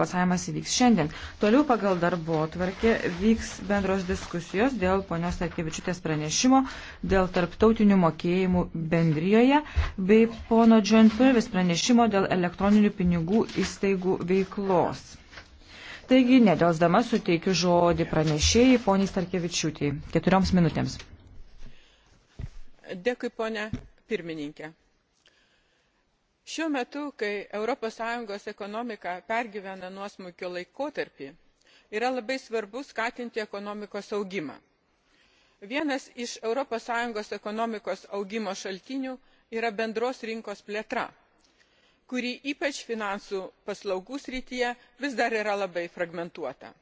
Balsavimas įvyks šiandien. Toliau pagal darbo atvarkė vyks bendros diskusijos dėl ponios Tarkevičiūtės pranešimo dėl tarptautinių mokėjimų bendrijoje bei pono John Purvis pranešimo dėl elektroninių pinigų įstaigų veiklos. Taigi, nedelsdama suteikiu žodį pranešėjai poniai Tarkevičiūtėjai. Keturioms minutėms. Dėkui, ponė pirmininkė šiuo metu kai europos sąjungos ekonomika pergyvena nuosmukio laikotarpį yra labai svarbu skatinti ekonomikos augimą. vienas iš europos sąjungos ekonomikos augimo šaltinių yra bendros rinkos plėtra kuri ypač finansų paslaugų srityje vis dar yra labai fragmentuota.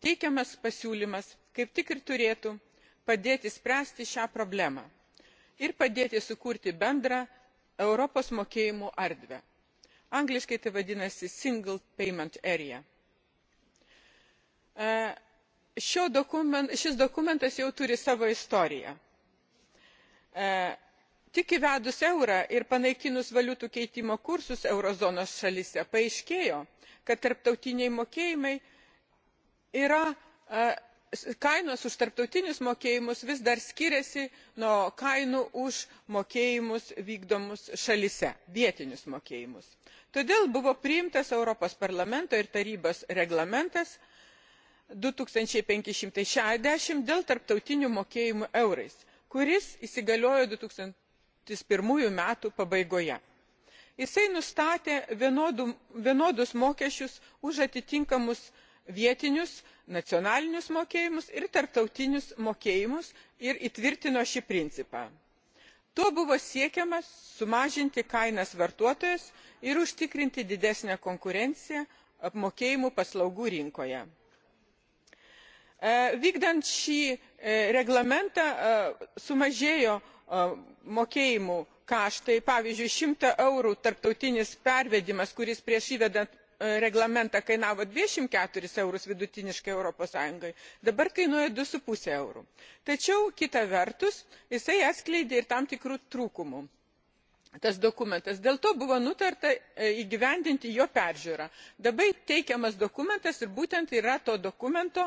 teikiamas pasiūlymas kaip tik ir turėtų padėti spręsti šią problemą ir padėti sukurti bendrą europos mokėjimų erdvę angliškai tai vadinasi single payment area. E, Dokument, šis dokumentas jau turi savo istoriją. E, tik įvedus eurą ir panaikinus valiutų keitimo kursus eurozonos šalyse paaiškėjo, kad tarptautiniai mokėjimai yra e, kainos už tarptautinius mokėjimus vis dar skiriasi nuo kainų už mokėjimus vykdomus šalyse vietinius mokėjimus. todėl buvo priimtas europos parlamento ir tarybos reglamentas du tūkstančiai penki šimtai šešiasdešimt dėl tarptautinių mokėjimų eurais kuris įsigaliojo du tūkstančiai vienas m. pabaigoje. jisai nustatė vienodų, vienodus mokesčius už atitinkamus vietinius nacionalinius mokėjimus ir tarptautinius mokėjimus ir įtvirtino šį principą. tuo buvo siekiama sumažinti kainas vartotojams ir užtikrinti didesnę konkurenciją apmokėjimo paslaugų rinkoje. E, vykdant šį e, reglamentą e, sumažėjo mokėjimų kaštai pavyzdžiui šimto eurų tarptautinis pervedimas kuris prieš įvedant E, reglamentą kainavo dvidešimt keturis eurus vidutiniškai europos sąjungoje dabar kainuoja du su puse euro tačiau kita vertus jisai atskleidė ir tam tikrų trūkumų tas dokumentas dėl to buvo nutarta e, įgyvendinti jo peržiūrą dabar teikiamas dokumentas ir būtent yra to dokumento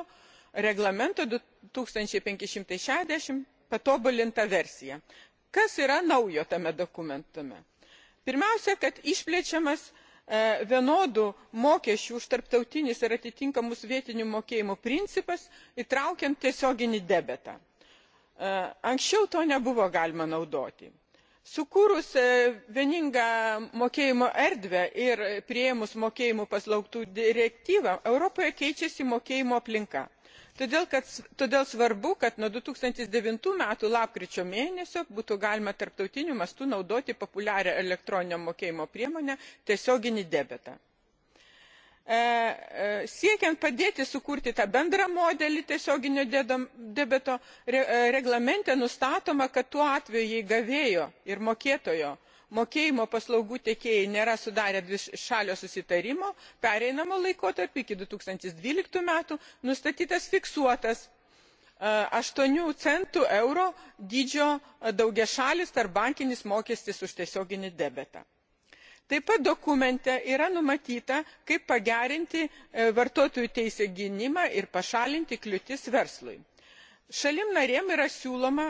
reglamento du tūkstančiai penki šimtai šešiasdešimt patobulinta versija. kas yra naujo tame dokumente? pirmiausia kad išplečiamas E, vienodų mokesčių už tarptautinius ir atitinkamus vietinių mokėjimų principas įtraukiant tiesioginį debetą. E, anksčiau to nebuvo galima naudoti. sukūrus e, vieningą mokėjimo erdvę ir priėmus mokėjimo paslaugų direktyvą europoje keičiasi mokėjimo aplinka todėl, kad, todėl svarbu kad nuo du tūkstančiai devyni metų lapkričio mėnesio būtų galima tarptautiniu mastu naudoti populiarią elektroninio mokėjimo priemonę tiesioginį debetą. E, e, siekiant padėti sukurti tą bendrą modelį tiesioginio debeto e, reglamente nustatoma kad tuo atveju jei gavėjo ir mokėtojo mokėjimo paslaugų tiekėjai nėra sudarę dvišalio susitarimo pereinamo laikotarpiu iki du tūkstančiai dvylika metų nustatytas fiksuotas e, aštuoni centų euro dydžio e, daugiašalis tarpbankinis mokestis už tiesioginį debetą. taip pat dokumente yra numatyta kaip pagerinti e, vartotojų teisių gynimą ir pašalinti kliūtis verslui. šalims narėms yra siūloma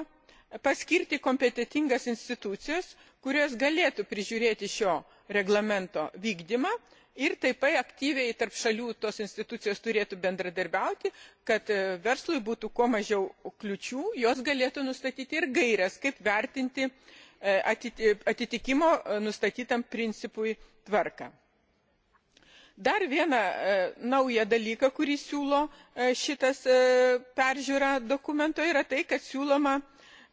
paskirti kompetentingas institucijas kurios galėtų prižiūrėti šio reglamento vykdymą ir taip pat aktyviai tarp šalių tos institucijos turėtų bendradarbiauti kad e, verslui būtų kuo mažiau kliūčių jos galėtų nustatyti ir gaires kaip vertinti e, e, atitikimo nustatytam principui tvarką dar vieną naują dalyką kurį siūlo šita peržiūra dokumento yra tai kad siūloma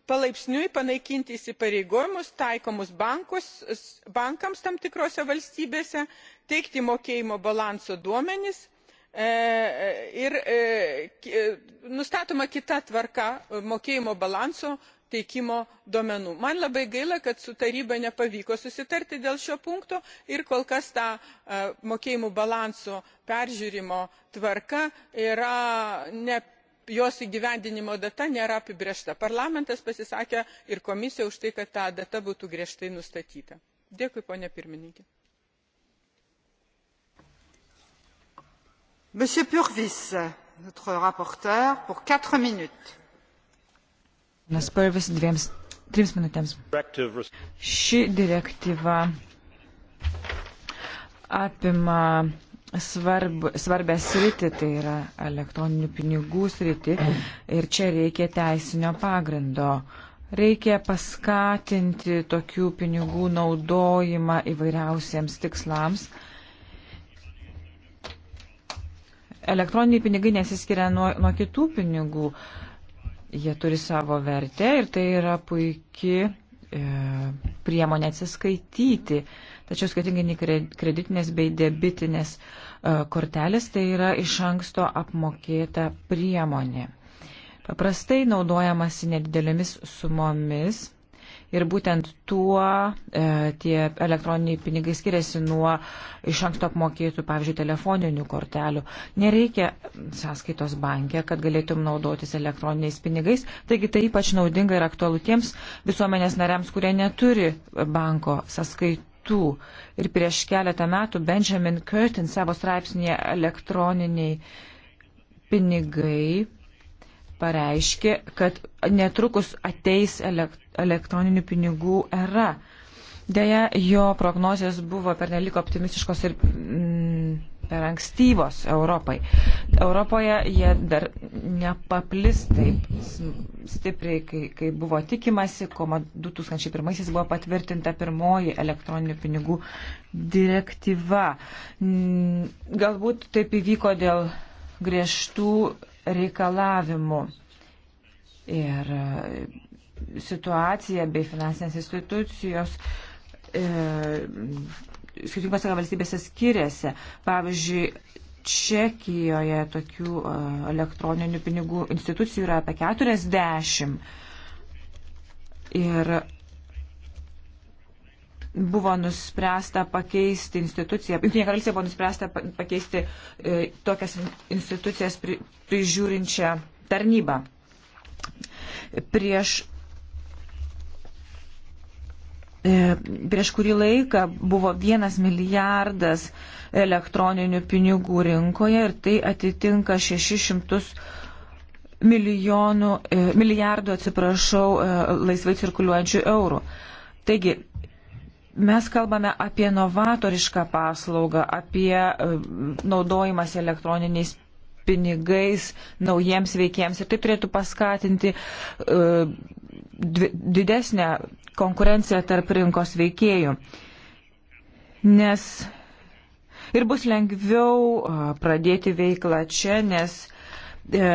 palaipsniui panaikinti įsipareigojimus taikomus bankams tam tikrose valstybėse teikti mokėjimo balanso duomenis e, e, ir e, nustatoma kita tvarka mokėjimo balanso teikimo duomenų. man labai gaila kad su taryba nepavyko susitarti dėl šio punkto ir kol kas ta mokėjimų balanso peržiūrėjimo tvarka yra ne jos įgyvendinimo data nėra apibrėžta. parlamentas pasisakė ir komisija už tai kad ta data būtų griežtai nustatyta. dėkui pone pirmininke. monsieur purvis notre rapporteur pour quatre minutes. Nes purvis dviems, trims minutėms. Ši direktyva apima svarb, svarbę sritį, tai yra elektroninių pinigų sritį ir čia reikia teisinio pagrindo. Reikia paskatinti tokių pinigų naudojimą įvairiausiems tikslams. Elektroniniai pinigai nesiskiria nuo, nuo kitų pinigų. Jie turi savo vertę ir tai yra puikia e, priemonė atsiskaityti. E, Tačiau skirtingai nei kreditinės bei debitinės e, kortelės, tai yra iš anksto apmokėta priemonė. Paprastai naudojamasi nedidelėmis sumomis ir būtent tuo e, tie elektroniniai pinigai skiriasi nuo iš anksto apmokėtų, pavyzdžiui, telefoninių kortelių. Nereikia sąskaitos bankė, kad galėtum naudotis elektroniniais pinigais, taigi tai ypač naudinga ir aktualu tiems visuomenės nariams, kurie neturi banko sąskait, kitų. Ir prieš keletą metų Benjamin Curtin savo straipsnėje elektroniniai pinigai pareiškė, kad netrukus ateis elektroninių pinigų era. Deja, jo prognozijos buvo pernelik optimistiškos ir mm, per ankstyvos Europai. Europoje jie dar nepaplis taip stipriai, kai, kai buvo tikimasi, ko 2001 buvo patvirtinta pirmoji elektroninių pinigų direktyva. Galbūt taip įvyko dėl griežtų reikalavimų. Ir e, situacija bei finansinės institucijos e, skirtingose valstybėse skiriasi. Pavyzdžiui, Čekijoje tokių e, elektroninių pinigų institucijų yra apie 40. Ir buvo nuspręsta pakeisti instituciją, Junktinė karalystė buvo nuspręsta pakeisti e, tokias institucijas pri, prižiūrinčią tarnybą. Prieš E, prieš kurį laiką buvo vienas milijardas elektroninių pinigų rinkoje ir tai atitinka 600 milijonų, e, milijardų, atsiprašau, e, laisvai cirkuliuojančių eurų. Taigi, mes kalbame apie novatorišką paslaugą, apie naudojimas elektroniniais pinigais naujiems veikiems ir tai turėtų paskatinti uh, didesnę konkurenciją tarp rinkos veikėjų. Nes ir bus lengviau pradėti veiklą čia, nes e,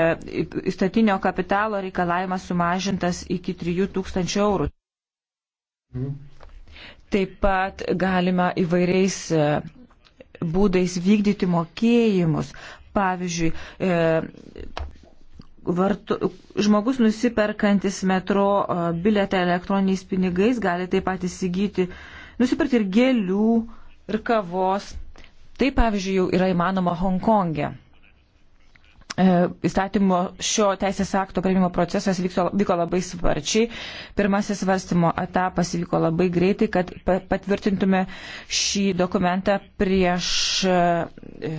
įstatinio kapitalo reikalavimas sumažintas iki 3000 eurų. Taip pat galima įvairiais e, būdais vykdyti mokėjimus. Pavyzdžiui, e, vartu, žmogus nusiperkantis metro biletą elektroniniais pinigais gali taip pat įsigyti, nusipirkti ir gėlių, ir kavos. Tai pavyzdžiui jau yra įmanoma Hongkonge. E, įstatymo šio teisės akto priimimo procesas vyko, vyko labai sparčiai. Pirmasis svarstymo etapas vyko labai greitai, kad patvirtintume šį dokumentą prieš e, e,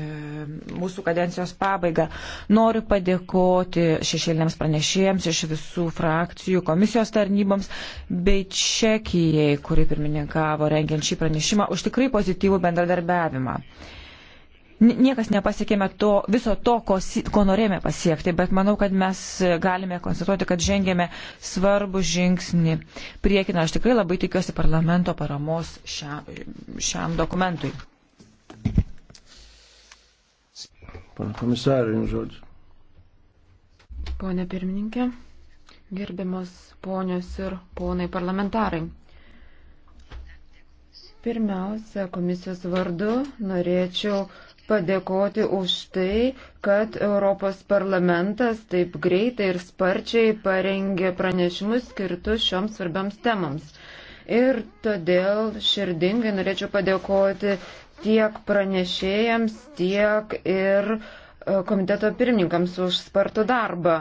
mūsų kadencijos pabaigą. Noriu padėkoti šešėlėms pranešėjams iš visų frakcijų, komisijos tarnyboms bei Čekijai, kuri pirmininkavo rengiant šį pranešimą, už tikrai pozityvų bendradarbiavimą. Niekas nepasiekėme to, viso to, ko, ko norėjome pasiekti, bet manau, kad mes galime konstatuoti, kad žengėme svarbų žingsnį priekiną. Aš tikrai labai tikiuosi parlamento paramos šiam, šiam dokumentui. Pana komisarė, jums žodžiu. Pone pirmininkė, gerbiamas ponios ir ponai parlamentarai. Pirmiausia, komisijos vardu norėčiau padėkoti už tai, kad Europos parlamentas taip greitai ir sparčiai parengė pranešimus skirtus šioms svarbiams temams. Ir todėl širdingai norėčiau padėkoti tiek pranešėjams, tiek ir e, komiteto pirmininkams už spartų darbą.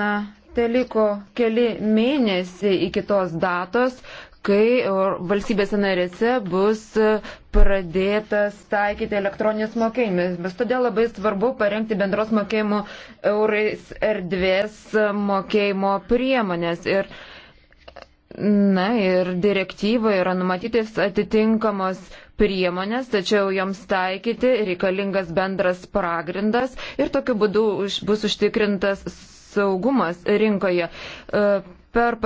Na, teliko keli mėnesiai iki tos datos, kai valstybėse narėse bus e, pradėtas taikyti elektroninis mokėjimas. Vis todėl labai svarbu parengti bendros mokėjimo eurais erdvės e, mokėjimo priemonės. Ir, na ir direktyvoje yra numatytis atitinkamos priemonės, tačiau joms taikyti reikalingas bendras pagrindas ir tokiu būdu už, bus užtikrintas saugumas rinkoje. Uh, Per,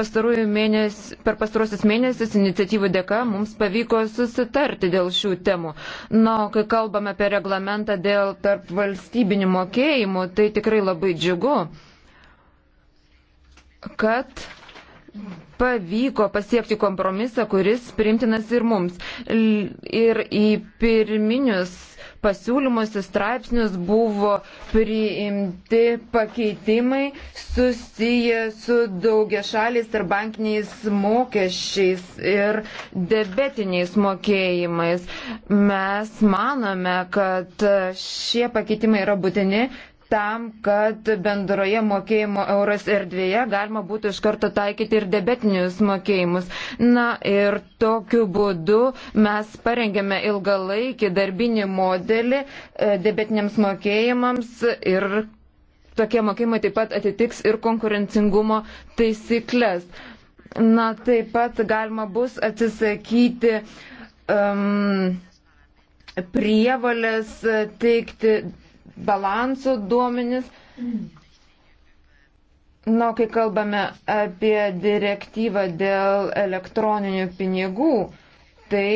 mėnes, per pastarosius mėnesius iniciatyvų dėka mums pavyko susitarti dėl šių temų. Na, kai kalbame apie reglamentą dėl tarp valstybinių mokėjimų, tai tikrai labai džiugu, kad pavyko pasiekti kompromisą, kuris primtinas ir mums. Ir į pirminius pasiūlymus, į straipsnius buvo priimti pakeitimai susiję su daugia šaliais ir bankiniais mokesčiais ir debetiniais mokėjimais. Mes manome, kad šie pakeitimai yra būtini, tam, kad bendroje mokėjimo euros erdvėje galima būtų iš karto taikyti ir debetinius mokėjimus. Na ir tokiu būdu mes parengėme ilgalaikį darbinį modelį e, debetiniams mokėjimams ir tokie mokėjimai taip pat atitiks ir konkurencingumo taisyklės. Na taip pat galima bus atsisakyti um, prievalės teikti balansų duomenis. Na, kai kalbame apie direktyvą dėl elektroninių pinigų, tai,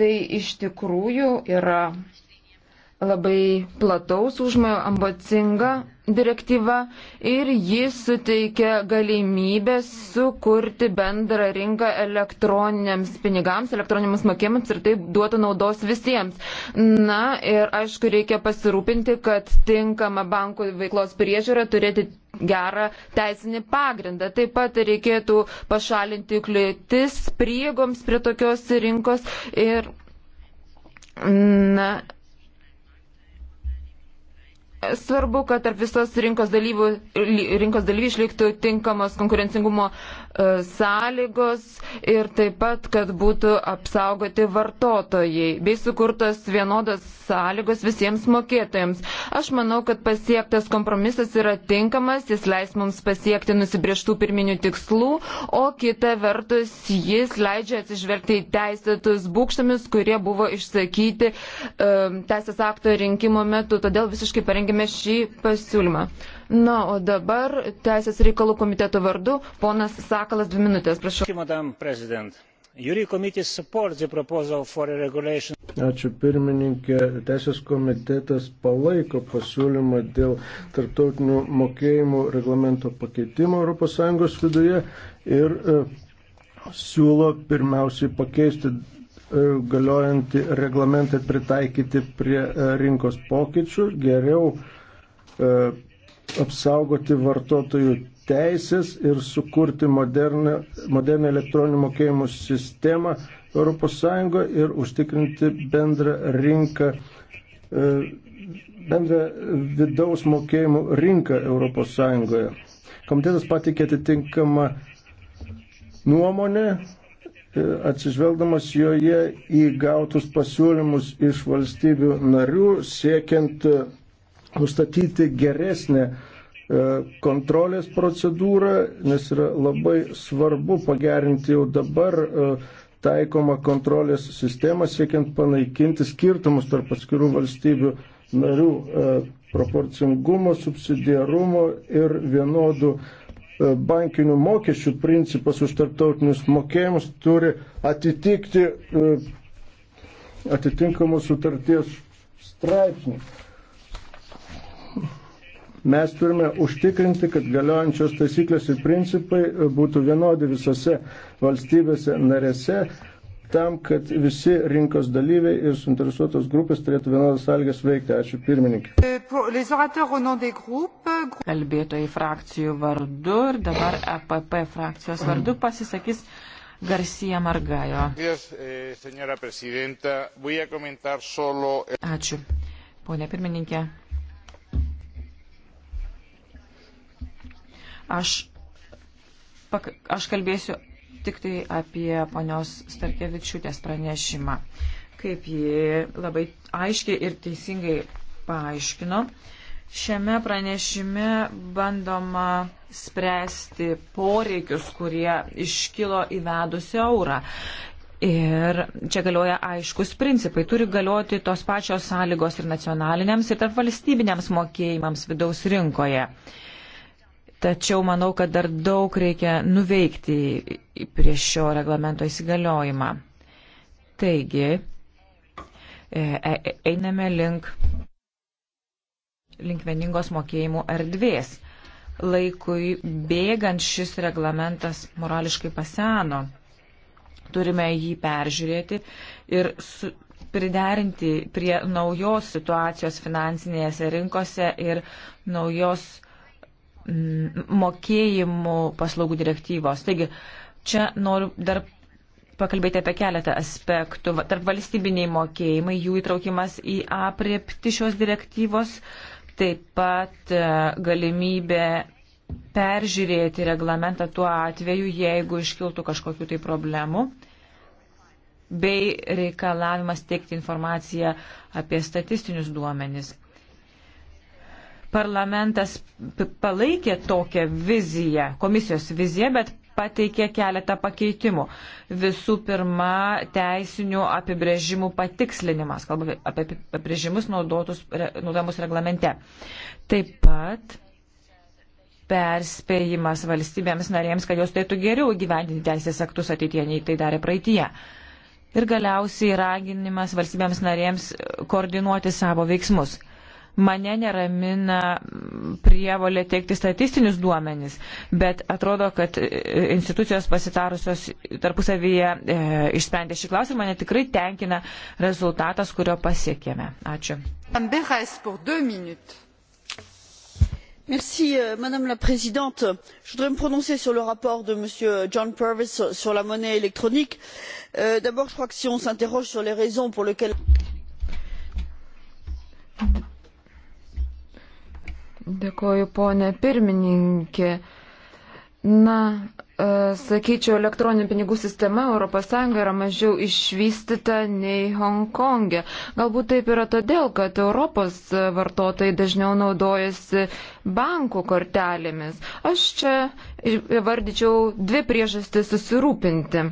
tai iš tikrųjų yra labai plataus užmojo ambacinga direktyva ir jis suteikia galimybę sukurti bendrą rinką elektroniniams pinigams, elektroniniams mokėjimams ir tai duotų naudos visiems. Na ir aišku, reikia pasirūpinti, kad tinkama bankų veiklos priežiūra turėti gerą teisinį pagrindą. Taip pat reikėtų pašalinti kliūtis prieigoms prie tokios rinkos ir. Na, Svarbu, kad tarp visos rinkos dalyvių, rinkos dalyvių išliktų tinkamos konkurencingumo e, sąlygos ir taip pat, kad būtų apsaugoti vartotojai bei sukurtos vienodos sąlygos visiems mokėtojams. Aš manau, kad pasiektas kompromisas yra tinkamas, jis leis mums pasiekti nusibrieštų pirminių tikslų, o kita vertus jis leidžia atsižvelgti į teisėtus būkštamius, kurie buvo išsakyti um, teisės akto rinkimo metu. Todėl visiškai parengti parengėme šį pasiūlymą. Na, o dabar Teisės reikalų komiteto vardu ponas Sakalas dvi minutės, prašau. Ačiū pirmininkė. Teisės komitetas palaiko pasiūlymą dėl tarptautinių mokėjimų reglamento pakeitimo ES viduje ir e, siūlo pirmiausiai pakeisti E, galiojantį reglamentą pritaikyti prie e, rinkos pokyčių, geriau e, apsaugoti vartotojų teisės ir sukurti modernę, modernę elektroninių mokėjimų sistemą ES ir užtikrinti bendrą rinką, bendrą vidaus mokėjimų rinką ES. Komitetas patikė atitinkamą nuomonę E, atsižvelgdamas joje į gautus pasiūlymus iš valstybių narių, siekiant e, nustatyti geresnę e, kontrolės procedūrą, nes yra labai svarbu pagerinti jau dabar taikoma kontrolės sistema, siekiant panaikinti skirtumus tarp atskirų valstybių narių proporcingumo, subsidiarumo ir vienodų E, bankinių mokesčių principas už tarptautinius mokėjimus turi atitikti e, atitinkamus sutarties straipsnius. Mes turime užtikrinti, kad galiojančios taisyklės ir principai e, būtų vienodi visose valstybėse narėse, tam, kad visi rinkos dalyviai ir suinteresuotos grupės turėtų vienodas sąlygas veikti. Ačiū pirmininkė. E, Kalbėtojai frakcijų vardu ir dabar EPP frakcijos vardu pasisakys Garcia Margajo. Eh, Ačiū. Pone pirmininkė. Aš, pak, aš kalbėsiu tik tai apie ponios Starkevičiūtės pranešimą. Kaip ji labai aiškiai ir teisingai paaiškino, šiame pranešime bandoma spręsti poreikius, kurie iškilo įvedus eurą. Ir čia galioja aiškus principai. Turi galioti tos pačios sąlygos ir nacionaliniams, ir tarp valstybiniams mokėjimams vidaus rinkoje. Uh, Tačiau manau, kad dar daug reikia nuveikti prieš šio reglamento įsigaliojimą. Taigi, e, e, einame link, link vieningos mokėjimų erdvės. Laikui bėgant šis reglamentas morališkai paseno. Turime jį peržiūrėti ir su, priderinti prie naujos situacijos finansinėse rinkose ir naujos Mm, mokėjimų paslaugų direktyvos. Taigi, čia noriu dar pakalbėti apie keletą aspektų. Tarp valstybiniai mokėjimai, jų įtraukimas į apriepti šios direktyvos, taip pat e, galimybė peržiūrėti reglamentą tuo atveju, jeigu iškiltų kažkokių tai problemų bei reikalavimas teikti informaciją apie statistinius duomenis. Parlamentas palaikė tokią viziją, komisijos viziją, bet pateikė keletą pakeitimų. Visų pirma, teisinių apibrėžimų patikslinimas, kalbame apie apibrėžimus naudojamus reglamente. Taip pat perspėjimas valstybėms narėms, kad jos turėtų geriau gyvendinti teisės aktus ateitie, nei tai darė praeitie. Ir galiausiai raginimas valstybėms narėms koordinuoti savo veiksmus. Mane neramina prievolė teikti statistinius duomenis, bet atrodo, kad e, institucijos pasitarusios tarpusavyje e, išsprendė šį klausimą, mane tikrai tenkina rezultatas, kurio pasiekėme. Ačiū. Merci, euh, madame la présidente je voudrais me prononcer sur le rapport de m. john purvis sur la monnaie électronique. Euh, d'abord je crois que si on s'interroge sur les raisons pour lesquelles Dėkoju, ponė pirmininkė. Na, e, sakyčiau, elektroninių pinigų sistema ES yra mažiau išvystyta nei Hongkonge. Galbūt taip yra todėl, kad Europos vartotojai dažniau naudojasi bankų kortelėmis. Aš čia vardyčiau dvi priežastis susirūpinti.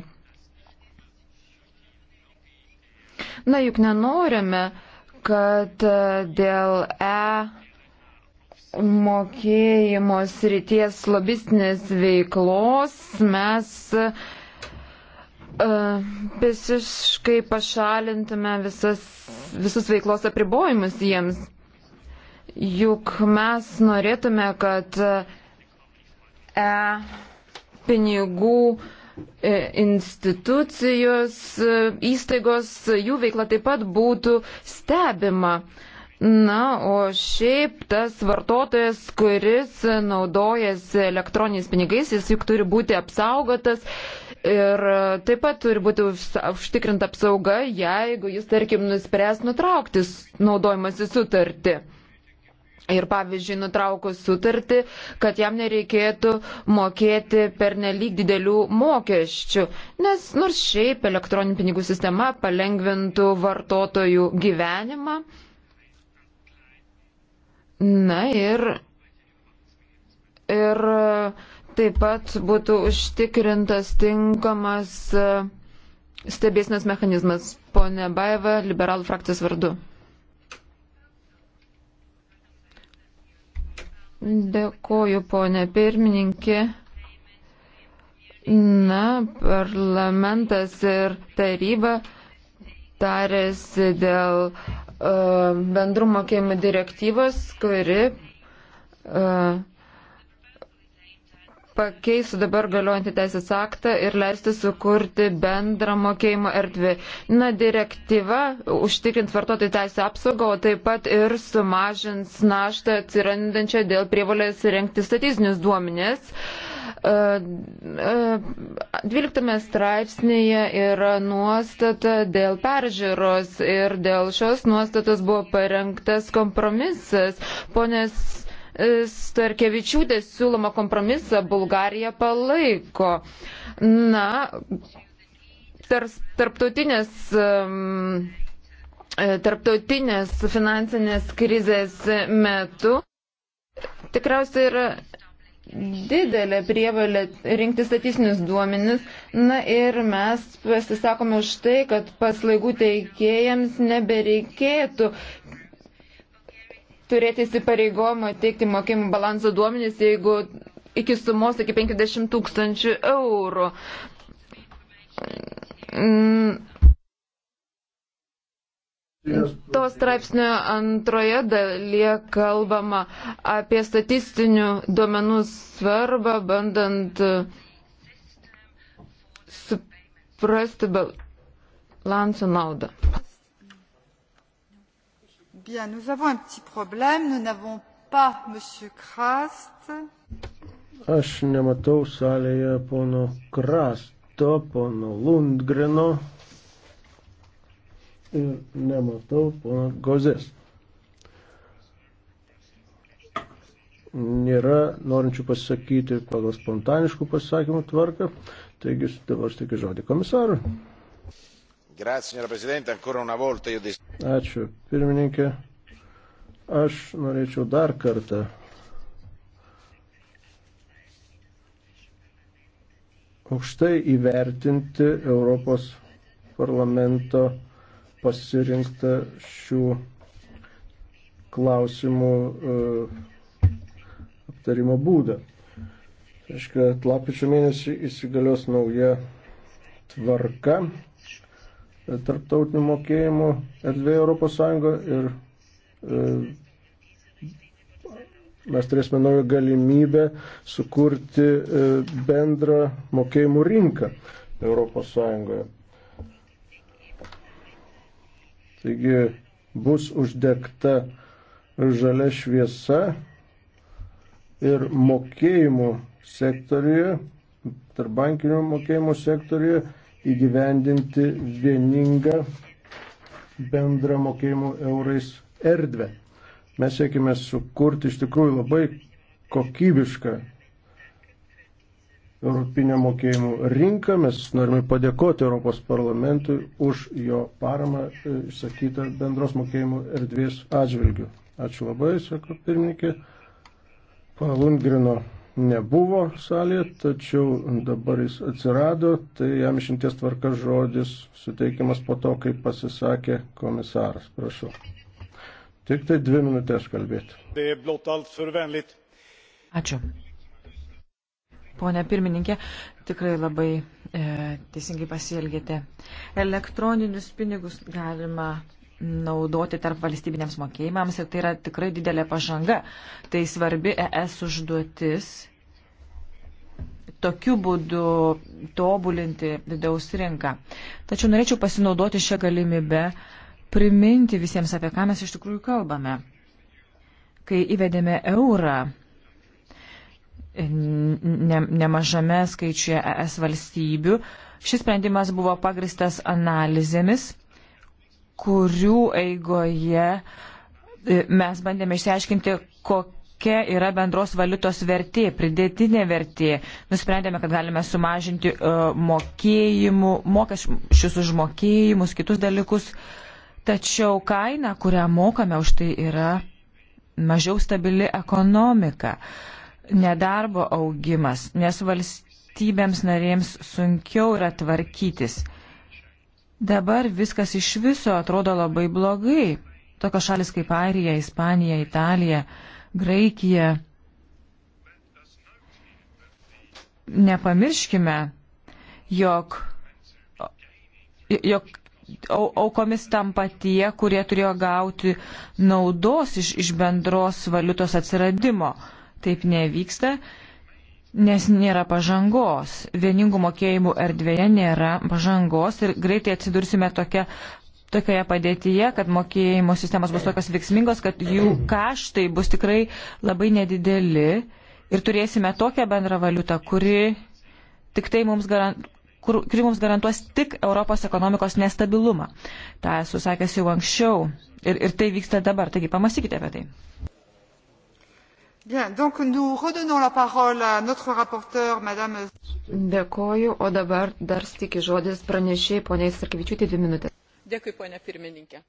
Na, juk nenorime, kad e, dėl E mokėjimo srities lobistinės veiklos mes e, visiškai pašalintume visas, visus veiklos apribojimus jiems. Juk mes norėtume, kad e pinigų e, institucijos, e, įstaigos, jų veikla taip pat būtų stebima. Na, o šiaip tas vartotojas, kuris naudojasi elektroniniais pinigais, jis juk turi būti apsaugotas ir taip pat turi būti užtikrinta apsauga, jeigu jis, tarkim, nuspręs nutraukti naudojimąsi sutartį. Ir pavyzdžiui, nutraukus sutartį, kad jam nereikėtų mokėti per nelik didelių mokesčių, nes nors šiaip elektroninių pinigų sistema palengvintų vartotojų gyvenimą. Na ir, ir taip pat būtų užtikrintas tinkamas e, stebėsinas mechanizmas. Pone Baiva, liberalų frakcijos vardu. Dėkoju, ponė pirmininkė. Na, parlamentas ir taryba tarėsi dėl uh, E, bendrų mokėjimų direktyvos, kuri e, pakeis dabar galiojantį teisės aktą ir leisti sukurti bendrą mokėjimo erdvį. Na, direktyva užtikrint vartotojų teisę apsaugą, o taip pat ir sumažins naštą atsirandančią dėl prievalės rinkti statistinius duomenės. Uh, 12 e, e, straipsnėje yra nuostata dėl peržiūros ir dėl šios nuostatos buvo parengtas kompromisas. Ponės Starkevičiūtės siūloma kompromisą Bulgarija palaiko. Na, tarp, tarptautinės. Um, tarptautinės finansinės krizės metu tikriausiai yra didelė prievalė rinkti statistinius duomenis. Na ir mes pasisakome už tai, kad paslaugų teikėjams nebereikėtų turėti įsipareigojimo teikti mokėjimų balanso duomenis, jeigu iki sumos iki 50 tūkstančių eurų. Mm, To straipsnio antroje dalyje kalbama apie statistinių duomenų svarbą, bandant uh, suprasti balansų naudą. Bien, nous avons un petit problème, nous n'avons pas M. Krast. Aš nematau salėje pono Krasto, pono Lundgreno ir nematau pono Gozės. Nėra norinčių pasakyti pagal spontaniškų pasakymų tvarką, taigi dabar tik žodį komisarui. Ačiū, pirmininkė. Aš norėčiau dar kartą aukštai įvertinti Europos parlamento pasirinkta šių klausimų e, aptarimo būdą. Aišku, tai lapkričio mėnesį įsigalios nauja tvarka e, tarptautinių mokėjimų erdvėje Europos Sąjungoje ir e, mes turėsime naują galimybę sukurti bendrą mokėjimų rinką Europos Sąjungoje. Taigi bus uždegta žalia šviesa ir mokėjimų sektoriuje, tarbankinių mokėjimų sektoriuje įgyvendinti vieningą bendrą mokėjimų eurais erdvę. Mes siekime sukurti iš tikrųjų labai kokybišką Europinę mokėjimų rinką. Mes norime padėkoti Europos parlamentui už jo paramą e, išsakytą bendros mokėjimų erdvės atžvilgių. Ačiū labai, sako pirmininkė. Pana Lundgrino nebuvo salėje, tačiau dabar jis atsirado, tai jam išimties tvarka žodis suteikiamas po to, kaip pasisakė komisaras. Prašau. Tik tai dvi minutės kalbėti. Ačiū. Pone pirmininkė, tikrai labai e, teisingai pasielgėte. Elektroninius pinigus galima naudoti tarp valstybinėms mokėjimams ir tai yra tikrai didelė pažanga. Tai svarbi ES užduotis tokiu būdu tobulinti vidaus rinką. Tačiau norėčiau pasinaudoti šią galimybę priminti visiems, apie ką mes iš tikrųjų kalbame. Kai įvedėme eurą, ne, nemažame skaičiuje ES valstybių. Šis sprendimas buvo pagristas analizėmis, kurių eigoje e, mes bandėme išsiaiškinti, kokia yra bendros valiutos vertė, pridėtinė vertė. Nusprendėme, kad galime sumažinti e, mokėjimų, mokesčius už mokėjimus, kitus dalykus. Tačiau kaina, kurią mokame už tai, yra mažiau stabili ekonomika. Uh, nedarbo augimas, nes valstybėms narėms sunkiau yra tvarkytis. Dabar viskas iš viso atrodo labai blogai. Tokios šalis kaip Airija, Ispanija, Italija, Graikija. Nepamirškime, jog, jog aukomis tampa tie, kurie turėjo gauti naudos iš, iš bendros valiutos atsiradimo. Uh, taip nevyksta, nes nėra pažangos. Vieningų mokėjimų erdvėje nėra pažangos ir greitai atsidursime tokia, tokioje padėtyje, kad mokėjimo sistemos bus tokios veiksmingos, kad jų kaštai bus tikrai labai nedideli ir turėsime tokią bendrą valiutą, kuri tik tai mums garantuoja kur, kuri mums garantuos tik Europos ekonomikos nestabilumą. Ta esu sakęs jau anksčiau ir, ir tai vyksta dabar, taigi pamastykite apie tai. Bien, donc nous redonnons la parole à notre rapporteur, madame. Dėkoju, o dabar dar stikį žodis pranešėjai poniai Sarkevičiūtė dvi minutės. Dėkui, ponia pirmininkė.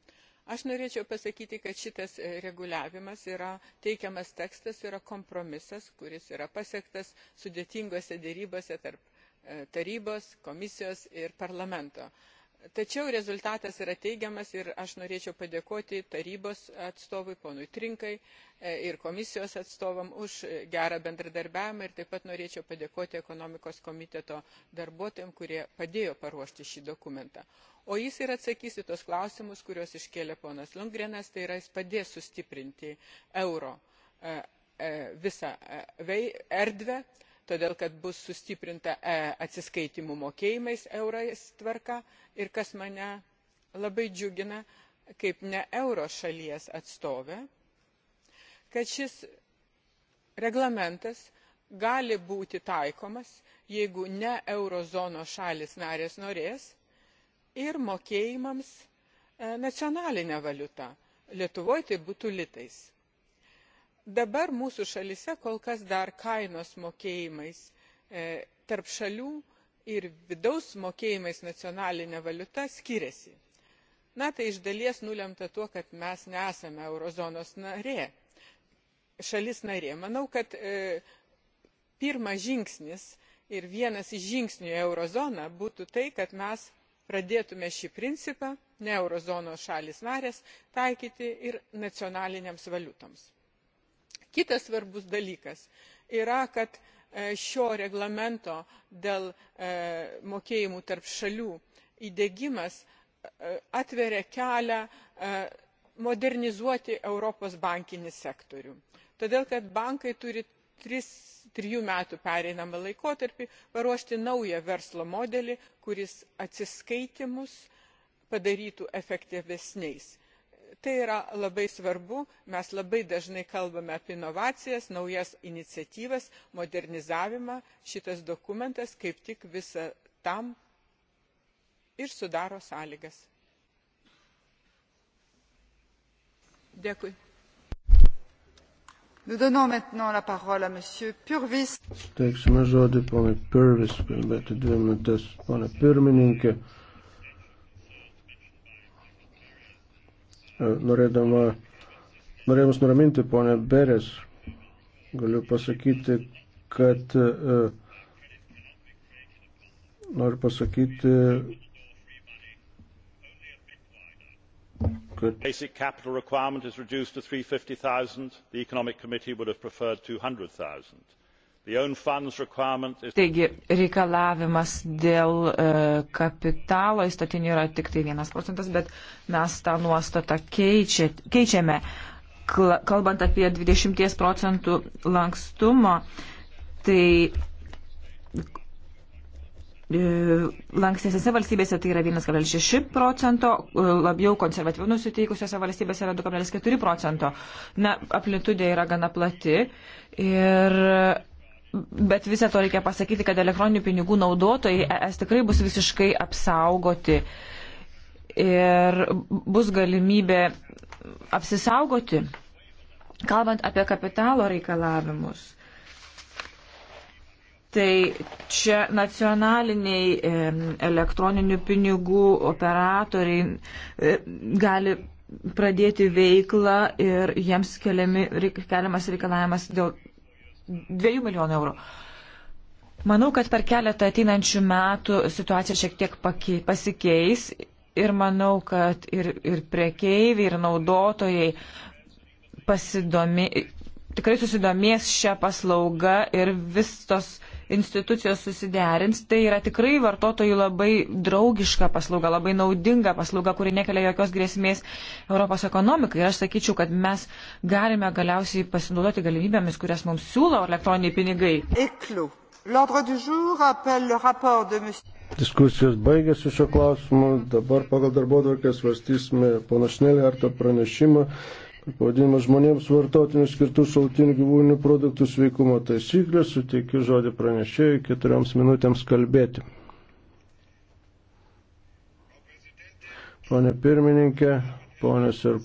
Aš norėčiau pasakyti, kad šitas e, reguliavimas yra teikiamas tekstas, yra kompromisas, kuris yra pasiektas sudėtingose dėrybose tarp e, tarybos, komisijos ir parlamento tačiau rezultatas yra teigiamas ir aš norėčiau padėkoti tarybos atstovui ponui trinkai e, ir komisijos atstovams už gerą bendradarbiavimą ir taip pat norėčiau padėkoti ekonomikos komiteto darbuotojams kurie padėjo paruošti šį dokumentą o jis ir atsakys į tuos klausimus kuriuos iškėlė ponas lundgrenas tai yra jis padės sustiprinti euro e, e, visą erdvę todėl kad bus sustiprinta e, atsiskaitimų mokėjimais eurais tvarka ir kas mane labai džiugina kaip ne euro šalies atstovę kad šis reglamentas gali būti taikomas jeigu ne euro zonos šalys narės norės ir mokėjimams e, nacionaline valiuta lietuvoje tai būtų litais dabar mūsų šalyse kol kas dar kainos mokėjimais e, tarp šalių ir vidaus mokėjimais nacionaline valiuta skiriasi. na tai iš dalies nulemta tuo kad mes nesame euro zonos narė šalis narė. manau kad e, pirmas žingsnis ir vienas iš žingsnių į euro zoną būtų tai kad mes pradėtume šį principą ne euro zonos šalys narės taikyti ir nacionalinėms valiutoms kitas svarbus dalykas yra kad e, šio reglamento dėl e, mokėjimų tarp šalių įdiegimas e, atveria kelią modernizuoti europos bankinį sektorių todėl kad bankai turi trijų metų pereinamąjį laikotarpį paruošti naują verslo modelį kuris atsiskaitymus padarytų efektyvesniais tai yra labai svarbu mes labai dažnai kalbame apie inovacijas naujas iniciatyvas modernizavimą šitas dokumentas kaip tik visam tam ir sudaro sąlygas. Dėkui. Nous donnons maintenant la parole à Monsieur Purvis. Steiksime žodį ponui Purvis, kalbėti dvi minutės, ponė pirmininkė. norėdama, norėdamas nuraminti ponę Beres, galiu pasakyti, kad e, noriu pasakyti, Good. basic capital requirement is reduced to three hundred and fifty zero the economic committee would have preferred two hundred zero Taigi reikalavimas dėl e, kapitalo įstatinio yra tik tai vienas procentas, bet mes tą nuostatą keičia, keičiame. Kla, kalbant apie 20 procentų lankstumo, tai e, lankstėsiose valstybėse tai yra 1,6 procento, e, labiau konservatyvių nusiteikusiose valstybėse yra 2,4 procento. Na, aplitudė yra gana plati ir Bet visą to reikia pasakyti, kad elektroninių pinigų naudotojai es tikrai bus visiškai apsaugoti ir bus galimybė apsisaugoti, kalbant apie kapitalo reikalavimus. Tai čia nacionaliniai elektroninių pinigų operatoriai e, gali pradėti veiklą ir jiems keliami, keliamas reikalavimas dėl 2 milijonų eurų. Manau, kad per keletą ateinančių metų situacija šiek tiek pasikeis ir manau, kad ir, ir prekeiviai, ir naudotojai pasidomi, tikrai susidomės šią paslaugą ir vis tos institucijos susiderins, tai yra tikrai vartotojų labai draugiška paslauga, labai naudinga paslauga, kuri nekelia jokios grėsmės Europos ekonomikai. Ir aš sakyčiau, kad mes galime galiausiai pasinaudoti galimybėmis, kurias mums siūlo elektroniniai pinigai. Diskusijos baigėsi šio klausimu. Dabar pagal darbo tvarkę svarstysime panašnelį ar tą pranešimą pavadinimas žmonėms vartotinių skirtų šaltinių gyvūninių produktų sveikumo taisyklės, suteikiu žodį pranešėjui keturioms minutėms kalbėti. Pone pirmininkė, ponės ir